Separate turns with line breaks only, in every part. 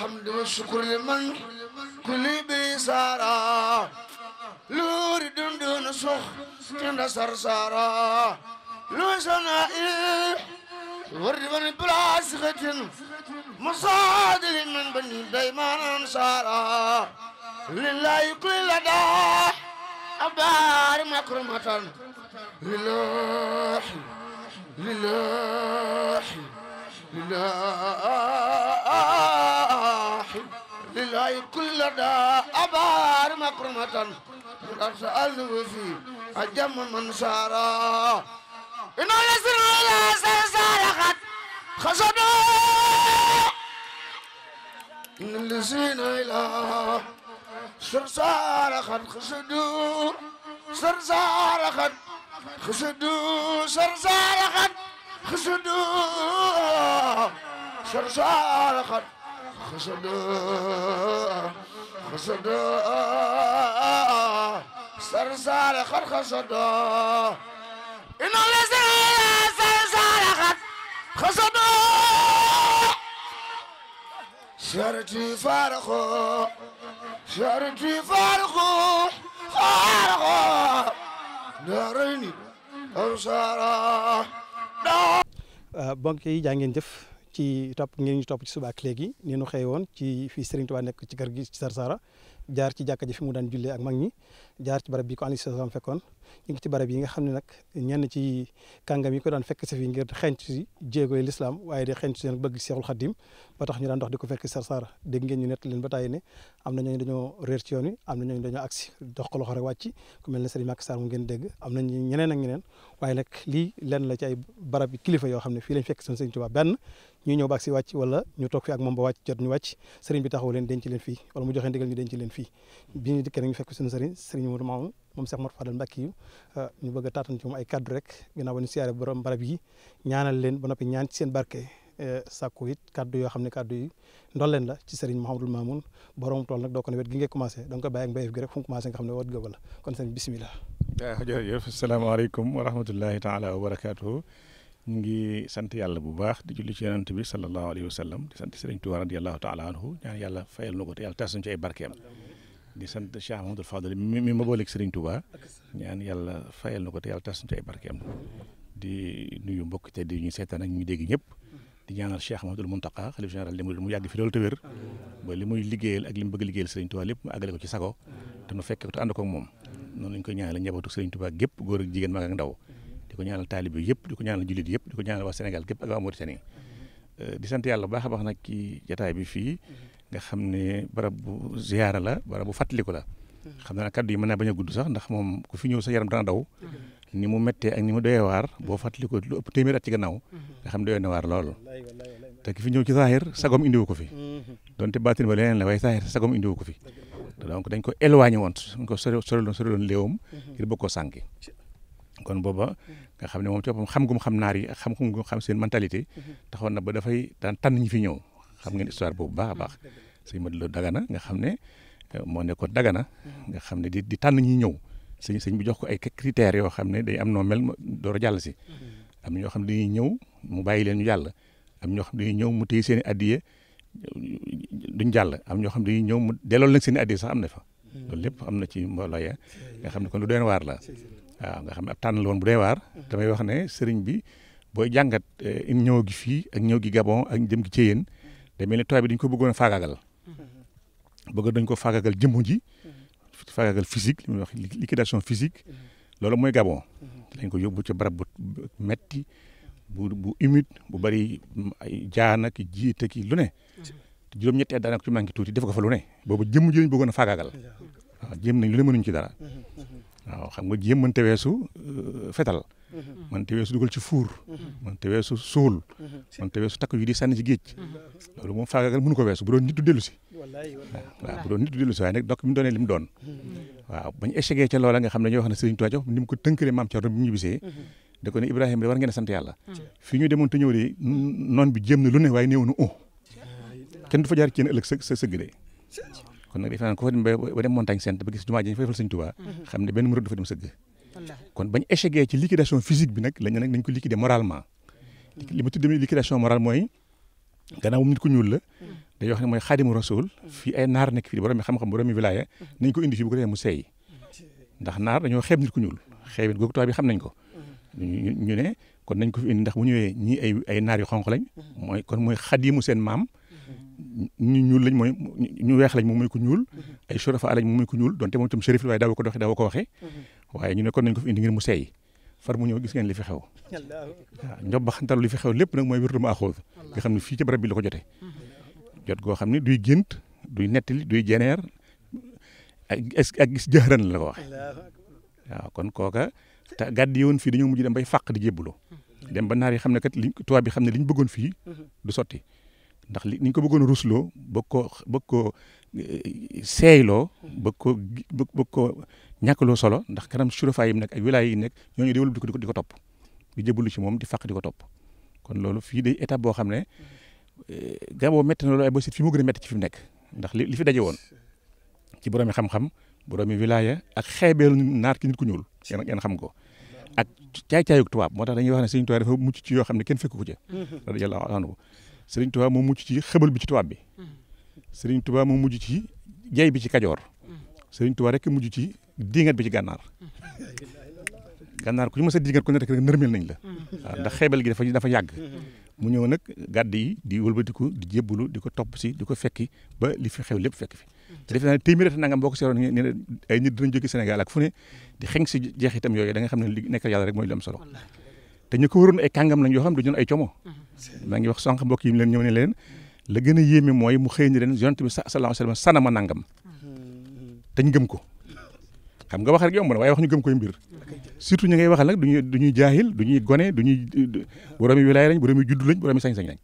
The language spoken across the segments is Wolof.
الحمد والشكر لمن كل بيسارا لور دون دون سخ تند سرسارا لو سنائي ورد من بلا سخة مصادر من بني دايمان انصارا لله كل لدى أبار مكرمة لله لله لله لله كلنا أبار مكرمة قد سألته في أجم من سارا إن يسر إلى سلسلة خسدوا إن الذين إلى سرسار قد خسدوا سرسار قد خسدوا سرسار قد خسدوا سرسار قد خشداء خشداء سرسار خد خشداء إن الذين سرسار خد خشداء شرتي فارخو شرتي فارخو فارخو نارني أبصارا
mbokk yi jaa ngeen jëf ci topp ngeen ñu topp ci suba ak léegi ni nu xëy woon ci fii Serigne Touba nekk ci kër gi ci Sarsara jaar ci jàkka ji fi mu daan jullee ak mag ñi jaar ci barab bi ko Aliou Sow fekkoon ñu ngi barab yi nga xam ne nag ñenn ci kàngam yi ko daan fekk si fi ngir xenc si jéegoy lislaam waaye di xenc si nag bëgg Seexul Xaddim tax ñu daan dox di ko fekk Sarsara dégg ngeen ñu leen ba tàyyi ne am na ñooñu dañoo réer ci yoon loxo rek wàcc ku mel ne Serigne Màkk mu ngeen dégg am na ñeneen a ñeneen waaye nag lii lenn la ci ay barab kilifa yoo xam ne fii lañ fekk seen Serigne Touba benn ñu ñëw ba si wàcc wala ñu toog fi ak moom ba wàcc jot ñu wàcc sëriñ bi taxaw leen denc leen fii wala mu joxe ndigal ñu denc leen fii bi ñu dikkee ñu fekk suñu sëriñ sëriñ Modou Mamoun moom Cheikh Mor Fadal Mbacke ah, a taatan ci rek ginnaaw borom barab yi ñaanal leen ba noppi ñaan seen barke eh, sàkku it kaddu yoo xam ne kaddu yi ndolleen la ci sëriñ Mouhamadou Mamoun borom tool nag doo ko ne wet gi ngay commencé da nga ko bàyyi ak mbéyef gi rek fu mu commencé nga xam ne wat googu la kon sëriñ bisimilah
wa rahmatullahi taala ñu ngi sant yàlla bu baax di julli ci yonent bi sallallahu alayhi wa sallam di sant Sëriñ Tuubaa radiyallahu taala anhu ñaan yàlla fayal na ko te yàlla tas nañu ci ay barkeem di sant Cheikh Mahamadul Fadal mi mi ma booleeg Sëriñ Tuubaa ñaan yàlla fayal na ko te ci ay barkeem di nuyu mbokk di ñu seetaan ak ñu dégg ñëpp di ñaanal Cheikh Mahamadul ba li muy liggéeyal ak li mu bëgg liggéeyal Sëriñ Tuubaa lépp mu àggale ko ci sago te nu fekkee ko ànd ko moom noonu lañ koy ñaanal njabootu Sëriñ Tuubaa gépp góor ak jigéen mag ak ndaw di ko ñaanal taalibe yëpp di ko ñaanal jullit yëpp di ko ñaanal waa Sénégal a ak waa Mauritanie euh, di sant yàlla bu baax a nag ci jataay bi fii nga xam ne barab bu ziyaara la barab bu fàttaliku la xam naa kaddu yi mën naa bañ a gudd sax ndax moom ku fi ñëw sa yaram dana daw ni mu méttee ak ni mu doyee waar boo fàttali ko lu ëpp téeméer at ci gannaaw nga xam doyee na waar lool te ki fi ñëw ci saahir sagom indiwu ko fi donte baatin ba leneen kon booba nga xam ne moom ci boppam xam gum xam naar yi xam gum xam seen mentalité mhm. taxoon na ba dafay daan tànn ñi fi ñëw xam ngeen histoire boobu baax a baax ma ah, Modou Lo Dagana nga xam ne euh, moo nekkoon Dagana mhm. nga xam ne di di tànn ñi ñëw sëñ sëñ bi jox ko ay critères yoo xam ne day am noo mel door jàll si mhm. am ñoo xam ne dañuy ñëw mu bàyyi leen ñu jàll am ñoo xam ne mu téye seen i addiye duñ jàll am ñoo xam ne dañuy ñëw mu delloo leen seen i addiye sax am na fa loolu lépp am na ci mbooloo nga xam ne kon lu waaw nga xam ne tànn la bu dee waar. Mm-hmm. damay wax ne sëriñ bi booy jàngat eh, ñëw gi fii ak ñëw gi Gabon ak jëm gi Thiéyène mm-hmm. day mel ni tubaab bi dañu ko bëggoon a faagaagal. Mm-hmm. bëgg dañ ko faagaagal jëmm ji. faagaagal physique li ñuy wax liquidation physique. loolu mooy Gabon. dañ ko yóbbu ci barab bu metti bu bu humide bu bari ay jaana ki jiite ki lu ne. juróom-ñetti at daanaka tuuti def ko fa lu ne. boobu jëmm ji lañ bëggoon a faagaagal. waaw nañ lu ne mënuñ ci dara. waaw xam nga jéem mënta weesu euh, fetal. Mm-hmm. mënta weesu dugal ci fuur. Mm-hmm. mënta weesu suul. Mm-hmm. mënta weesu takk yu di sànni ci géej. loolu moom faagaagal mënu ko weesu bu doon nit du dellu si. waaw bu doon nit dellu si waaye nag dokk mi doonee li mu doon. waaw bañ échecgee ca loola nga xam ne ñoo wax ne Serigne Touba ni mu ko tënkalee maam Thierno bi mu ñibbisee. da ko ne Ibrahima de war ngeen a yàlla. fii ñu demoon te ñëw de noon bi jéem na lu na oh. kenn du sa sa sëgg kon nag defe naa ko fa dem ba dem montagne sainte ba gis jumaa ji ñu fa defal Sëñ Tuubaa mhm. xam ne benn murid dafa dem sëgg kon bañ échecgee ci liquidation physique bi nag lañ ne nag nañ ko liquider moralement li ma tuddee liquidation morale mooy gannaaw nit mu seey mhm. ndax naar dañoo xeeb nit ku ñuul xeebit googu tubaab xam nañ ko mhm. ñu kon nañ ko ndax bu ñëwee ay ay naar lañ mooy kon mooy xadimu seen maam ñu ñuul lañ mooy ñu weex lañ moom mooy ko ñuul mhm. ay surafa lañ moom mooy ko ñuul donte moom itam la waaye daaw ko doxee daaw ko waxee mhm. waaye ñu ne kon nañ ko fi indi ngir mu seey far mu ñëw gis ngeen li fi xew waaw njobbaxantalu li fi xew lépp nag mooy ma axuuz nga xam ne fii ci barab bi la ko jotee mhm. jot goo xam ne duy gént duy nettali duy jeneer ak gis jëxëran la ko waxee waaw kon kooka te gàddi yoon fii dañoo mujj dem bay fàq di jébbaloo dem ba naar yi xam ne kat li xam ne li bëggoon fii du sotti ndax li ni ko bëggoon a loo bëgg koo bëgg koo eh, seeyloo bëgg koo bëgg koo loo solo ndax kanam surafaay yi nag ay wilaay yi nekk ñooñu déwlu di ko di ko topp di lu ci moom di fàq di ko topp kon loolu fii day état boo xam ne eh, Gabon métti na loolu ay ba sit fi mu gën a métti ci fi mu nekk ndax li li fi daje woon ci boroomi xam-xam boroomi wilaaya ak xeebeelu naar ki nit ku ñuul yéen yéen xam ko ak caay-caayug tubaab moo tax dañuy wax ne Sëriñ Tuubaa dafa mucc ci yoo xam ne kenn fekk ko ca mm-hmm. radiyallaahu sëriñ Touba moo mujj ci xëbal bi ci tubaab bi hmm. Serigne Touba moo mujj ci jey bi ci Kajoor hmm. Serigne Touba rek mujj ci diingat bi ci gànnaar hmm. gànnaar ku ñu mës a diingat ku ne rek nërmeel nañ la ah, dafa yàgg mu ñëw nag gàdd yi di wëlbatiku di jébbalu di ko topp si di ko fekki ba li fi lépp fekk fi te defe naa ne téeméer at seeroon ay nit dinañ jóge Sénégal ak fu ne di xeng si jeexitam yooyu da nga xam ne li nekk yàlla rek mooy lu am solo te ñu ko waroon ay kàngam lañ yoo xam du ñun ay como mm-hmm. maa ngi wax sànq mbokk yi leen ñëw ne leen la gën a yéeme mooy mu xëy ni leen yonent bi wa sallam sanama nangam mm-hmm. te ñu gëm ko xam nga wax rek yomb na waaye ñu gëm koy mbir ñu ngay waxal nag duñuy duñuy jaahil duñuy gone duñuy boroomi wilaay lañ juddu lañ boroomi sañ-sañ lañ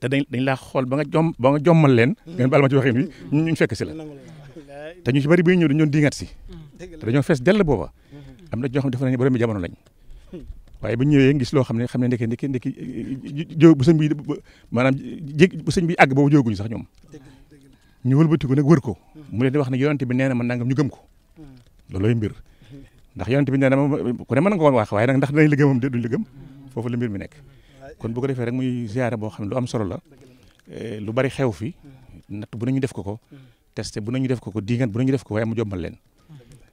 te dañ dañ xool ba nga jom ba nga jommal leen mm-hmm. ngeen baal ma ci waxin bi ñu fekk si la te ñu ci bari bi ñëw dañu doon diingat si te dañoo fees dell booba am na ñoo xam ne dafa nañu boroomi jamono lañ hmm. waaye bu ñëwee gis loo xam ne xam ne ndeke ndeke ndeke jo bu sëñ bi maanaam jég bu sëñ bi àgg boobu jóguñu sax ñoom ñu wëlbatiku nag wër ko mu leen di wax ne yonent bi nee na ma nangam ñu gëm ko loolooy mbir ndax yonent bi nee na ma ku ne mën nga ko wax waaye nag ndax dinañ liggéey moom de duñ liggéey foofu la mbir mi nekk kon bu ko defee rek muy ziyaara boo xam ne lu am solo la eh, lu bari xew fi natt bu nañu def ko ko testé bu nañu def ko ko diiŋat bu nañu def ko waaye mu jombal leen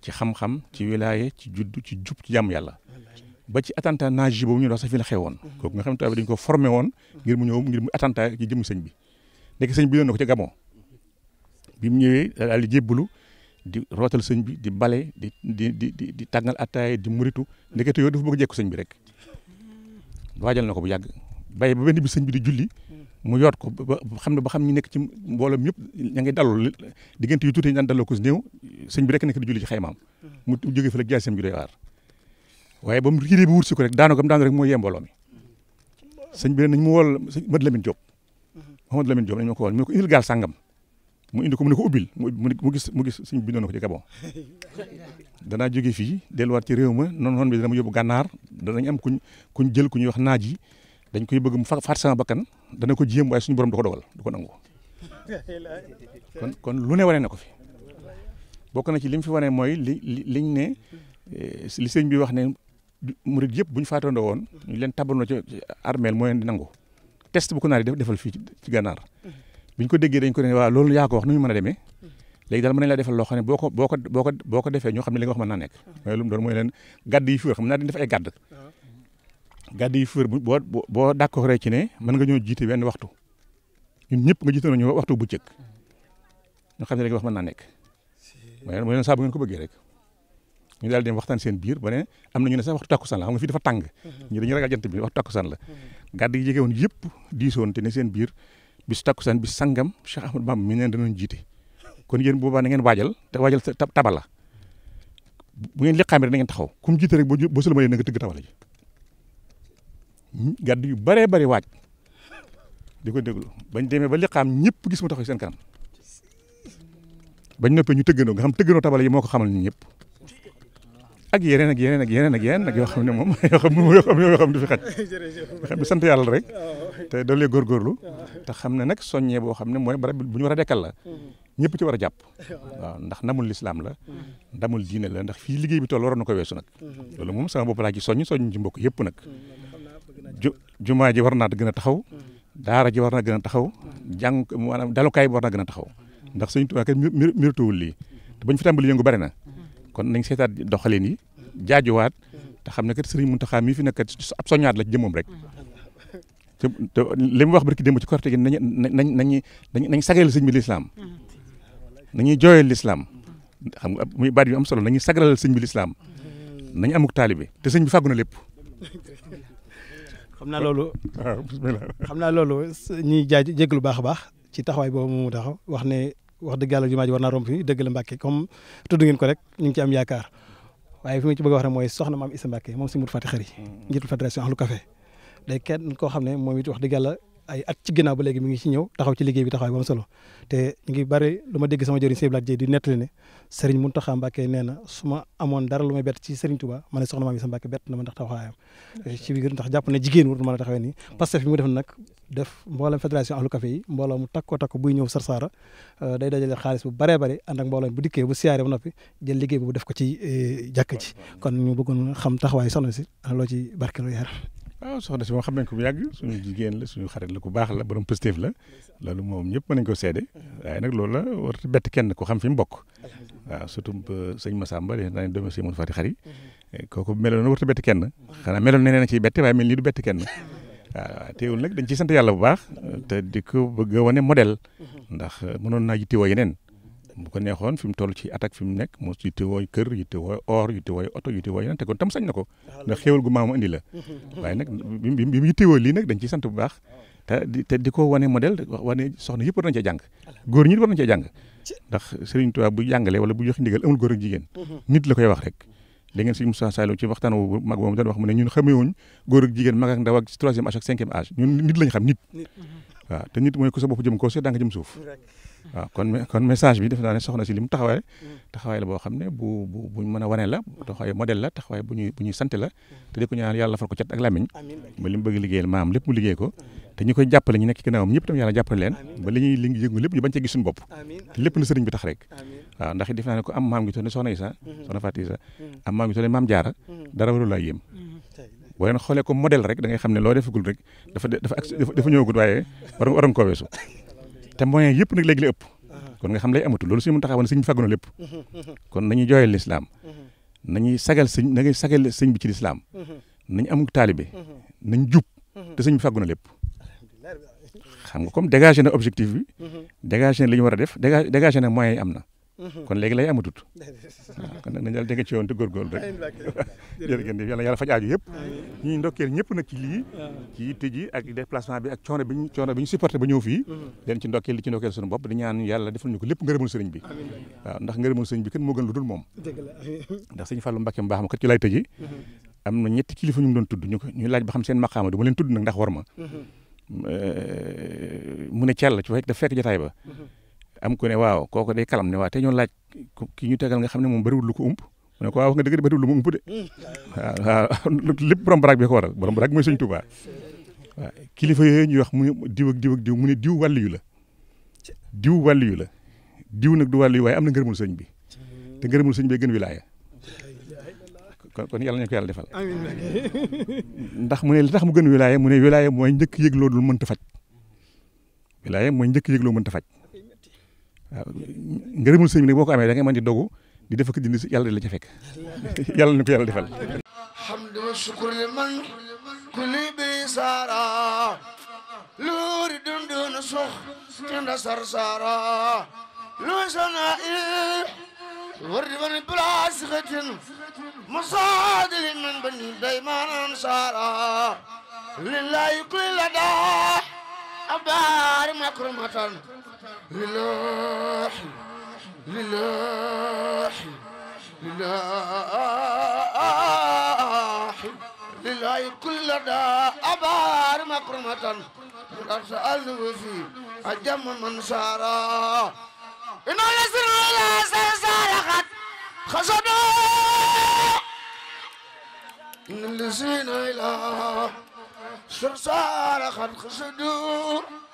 ci xam-xam ci wilaaye ci juddu ci jub ci jàmm yàlla ba ci attentat naaj boobu ñu doon sax fi la woon mhm. kooku nga xam ne dañu ko formé woon ngir mu ñëw ngir mu attentat ci jëmm sëñ bi nekk sëñ bi yoon na ko ca Gabon bi mu ñëwee daal di di rootal sëñ bi di bale di di di di di tàngal di muritu ndekete yooyu dafa bëgg a jekku bi rek waajal na ko bu yàgg bàyyi ba benn bi sëñ bi di julli mhm. mu yoot ko ba xam ne boo xam ñu nekk ci mbooloo mi yëpp ña ngi dalul diggante yu tuuti ñu daan daloo ko si néew sëñ bi rek nekk di julli ci xaymaam mhm. mu jógee fa la jaasam bi doy waar waaye ba mu riiree ba wut ko rek daanu gam daanu rek mooy yee sañ mi nañ mu wol sëñ Mad Lamine Diop Mouhamad nañ ko wol mu ne ko indil gaal sàngam mu indi ko mu ubbil mu gis mu gis sëñ bi bindoon na danaa jóge fii delluwaat ci réew ma noonu noonu bi dana ma yóbbu gànnaar danañ am kuñ kuñ jël ku ñuy wax naaj yi dañ koy bëgg mu faat sama bakkan dana ko jéem waaye suñu borom du ko dogal du ko nangu kon kon lu ne wane na ko fi bokk na ci li mu fi wane mooy li liñ ne eh, li sëñ bi wax ne murid yëpp bu ñu faatandoo woon ñu leen tabaloo ci armeel moo leen di nangu test bu ko naar yi defal fii ci gànnaar mhm. bi ñu ko déggee dañ ko ne waaw loolu yaa ko wax nu ñu mën a demee mhm. léegi daal mën nañ la defal loo xam ne boo ko boo ko defee ñoo xam ne li nga wax mën naa nekk mhm. mooy lu mu doon mooy leen gàdd nga bu cëkk ñoo xam ne li nga wax mën naa nekk mooy leen saa ko bëggee rek ñu daal dem waxtaan seen biir ba ne am na ñu ne sax waxtu takkusaan la xam nga fii dafa tàng mhm. ñu dañu ragal jant bi waxtu takkusaan la mhm. gàdd yi jege woon yëpp seen biir bis takkusaan bis sangam Cheikh Ahmadou mi neen danoon jiite kon yéen boobaa na ngeen waajal te waajal tabala bu ngeen liqaamee na taxaw ku mu jiite rek boo sëlmalee na nga hmm? yu baree bari waaj di ko déglu bañ demee ba liqaam ñëpp gis mu taxaw seen kanam bañ noppee ñu tëgganoo nga xam tëgganoo tabala yi moo ko xamal ni ñëpp ak yeneen ak yeneen ak yeneen ak yeneen ak yoo xam ne moom yoo xam yoo xam yoo xam ne sant yàlla oh. oh. xam ne nag soññee boo xam ne mooy barab bu ñu war a dekkal la mm-hmm. ñëpp ci war a jàpp oh. waaw ndax ndamul lislaam la mm-hmm. ndamul diine la ndax fi liggéey bi toll waroon na ko weesu nag mm-hmm. loolu moom sama bopp laa ci soññ soññ ci mbokk yëpp nag ju jumaa ji war naa gën a taxaw daara ji war na gën a taxaw jàng maanaam dalukaay bi war na gën a taxaw ndax Sëñ Tuubaa kat mérituwul lii te bañ fi tàmbali yëngu na kon nañ seetaat doxalin yi jaajuwaat ta xam ne kat Serigne Mountakha mii fi nekk kat ab soñaat la ci jëmoom rek te li mu wax barki démb ci korte gi nañ nañ nañ nañ sagal sëñ bi lislaam nañuy jooyal lislaam xam nga muy baat yu am solo nañuy sagalal sëñ bi lislaam nañ amuk taalibe te sëñ bi fàggu na lépp.
xam naa loolu waaw naa loolu jaaj jégg baax a baax ci taxawaay boobu mu taxaw wax ne. wax dëgg yàlla jumaa ji war ko rek ñu ci am yaakaar waaye fi ma ci bëgg a wax ne mooy soxna maam Issa Mbàkke mm. kenn koo xam ne moom it wax dëgg yàlla ay ba léegi mi ngi ci ñëw taxaw ci liggéey bi taxawaay ba mu solo te ñu ngi bari lu ma dégg sama jëriñ Sëñ Blaat Jéy di nettali ne Serigne nee na su ma amoon dara lu may bett ci Serigne Touba ma ne soxna maam Issa Mbacké bett na ma ndax taxawaayam ci biir ndax jàpp na jigéen warul mën a taxawee nii mm. parce que fi mu def nag def mboolem fédération ahlu café yi mbooloo mu takko takko buy ñëw Sarsara euh, day dajale xaalis bu baree bari ànd ak mbooloo bu dikkee bu siyaaree ba noppi jël liggéey boobu def ko ci euh, jàkk ji kon ñu bëggoon xam taxawaayu soxna si loo ci
soxna si moom xam nañ ko bu yàgg suñu jigéen la suñu xarit la ku baax la borom positif la loolu moom ñëpp mën nañ ko seede waaye nag loolu la war bett kenn ko xam fi mu surtout euh, sëñ Massamba dégg naa ne si Moussa Fatick xar yi waaw ah, teewul nag dañ ci sant yàlla bu baax te di ko bëgg a wane modèle ndax eh, mënoon naa yittewoo yeneen bu ko neexoon fi mu toll ci attaque fi mu nekk mu yittewoo kër yittewoo or yittewoo oto yittewoo yeneen te kon tam sañ na ko ndax xéewal gu maamu indi la waaye nag bi bi mu yittewoo lii nag dañ ciy sant bu baax te di te di ko wane modèle wane soxna yëpp war nañ cee jàng góor ñi war nañ cee jàng ndax Serigne Touba bu jàngalee wala bu joxe ndigal amul góor ak jigéen uhuh. nit la koy wax rek li ngeen si Moussa Saliou ci waxtaan wu mag boobu doon wax mu ne ñun xamewuñ góor ak jigéen mag ak ndaw ak troisième âge ak cinquième ñun nit lañ xam nit mhm. waaw te nit mooy ku da nga jëm suuf waaw kon soxna si li mu taxawaay mm. taxawaay la boo xam ne bu buñ mën a wane la taxawaay modèle la taxawaay bu ñuy la mm. te di ko ñaan yàlla far ko cat ak làmmiñ ba mu bëgg liggéeyal maam lépp mu liggéey ko te ñu koy jàppale ñu nekk ci gannaawam ñëpp tam yàlla jàppale waaw ndax def naa ne ko am maam ngi toll ne soxna Isa mhm. soxna Fatou Isa mhm. am maam ngi toll ne maam Jaara mhm. dara warul laa yéem boo leen xoolee ko modèle rek da xam ne loo defagul rek dafa dafa dafa ñëwagul waaye war war nga koo weesu te moyen yëpp nag léegi la ëpp kon nga xam lay amatul loolu suñu mën taxawoon sëñ bi fàggu na lépp kon nañuy jooyal lislaam nañuy sagal sëñ bi ci lislaam nañ am taalibe nañ jub te sëñ bi fàggu na lépp xam nga comme dégagé na objectif bi dégagé na li ñu war a def dégagé na yi am na Mm-hmm. kon léegi lay amatut waaw kon nag nañ daal dégg ci yoon te góorgóorlu rek jërëjëf yàlla yàlla faj aaju yëpp ñuy ndokkeel ñëpp na ci lii ah. ci ji ak déplacement bi ak coono bi ñu coono bi ñu supporté ba ñëw fii mm-hmm. leen ci ndokkeel li ci ndokkeel suñu bopp di ñaan yàlla defal ñu ko lépp ngërëmul sëriñ bi waaw ndax ngërëmul sëriñ bi kenn moo gën lu dul moom ndax sëriñ Fallou Mbacké mbaax ma kat ci lay tëji mm-hmm. am na ñetti kilifa ñu doon tudd ñu ko ñuy laaj ba xam seen maqaama du ma leen tudd nag ndax war ma eh, mu ne cell ci fekk daf fekk jotaay ba am ku ne waaw kooku day kalam ne waaw te ñoo laaj ki ñu tegal nga xam ne moom bëriwul lu ko ump mu ko waaw wax nga dëgg de bëriwul lu mu ump de waaw waaw lépp borom baraag bi ko waral borom baraag mooy sëñ Tuubaa waaw kilifa yooyu ñuy wax mu diw ak diw mu ne diw wàllu la diw wàllu la diw nag du wàllu yu waaye am na ngërëmul sëñ bi te ngërëmul sëñ bi gën wilaaya kon kon yàlla ñu ko yàlla defal ndax mu ne li tax mu gën wilaaya mu ne wilaaya mooy njëkk yëg loolu mënta faj mooy njëkk yëg loolu mënta waaw ngërëmul sëñ boo ko amee da ngay mën di dogu di def ak dindi yàlla di la ca fekk yàlla ni ko yàlla defal
hamdu wa shukru liman kuli bi sara luuri dundun sux tinda sar sara luy sana i wardi man bilasixatin musaadili min bani daymanan sara lillahi kulli lada abaari makrumatan lillah يرضى أبار مكرمة قد سألته في أجم من سارا إن يسر إلى سلسلة خسدوا إن الذين إلى سلسلة خسدوا